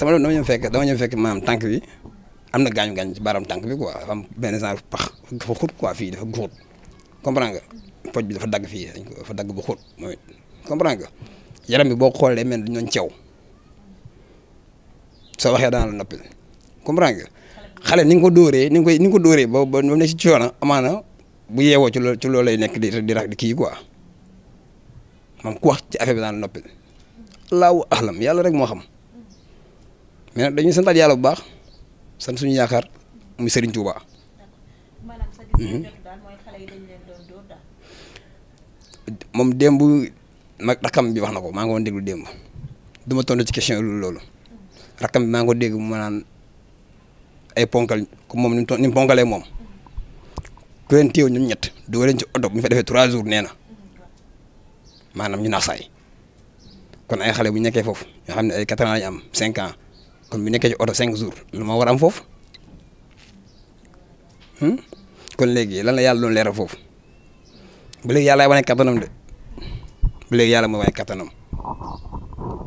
sama dama ñëw fekk dama ñëw fekk maam tànk bi am na gaañu gaañ ci baaram tànk bi quoi dafa am benn genre pax fa xóot quoi fii dafa xóot comprendre nga poj bi dafa dagg fii dañ ko dagg bu xóot moom it comprendre nga yaram bi boo xoolee mel dañu doon ceew soo waxee daan la noppil comprendre nga xale ni nga ko dooree ni nga koy ni nga ko dóoree ba ba ne ci coono amaana bu yeewoo ci loolu ci loolu lay nekk di di di kii quoi moom ku wax ci affaire bi daan la noppil allahu ahlam yàlla rek moo xam. mais nag dañuy santaat yàlla bu baax sant suñu yaakaar muy Serigne Touba. Mhm. moom démb nag rakam bi wax na ko maa ngi woon déglu démb du ma tontu ci question loolu rakam bi maa ngi ko dégg mu naan ay ponkal comme moom ni mu ni mu ponkalee moom ku leen téew ñett doo leen ci oto bu ñu fa defee trois jours nee na maanaam ñu naax saay kon ay xale bu ñu nekkee foofu xam ne ay quatre ans am cinq ans. kon bu nekkee ci oto cinq jours lu ma war am foofu hmm? kon léegi lan la yàlla doon leeral foofu bu léegi yàlla ay wane kattanam de bu léegi yàlla mooy wane kattanam